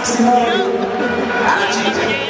Maximo, Alex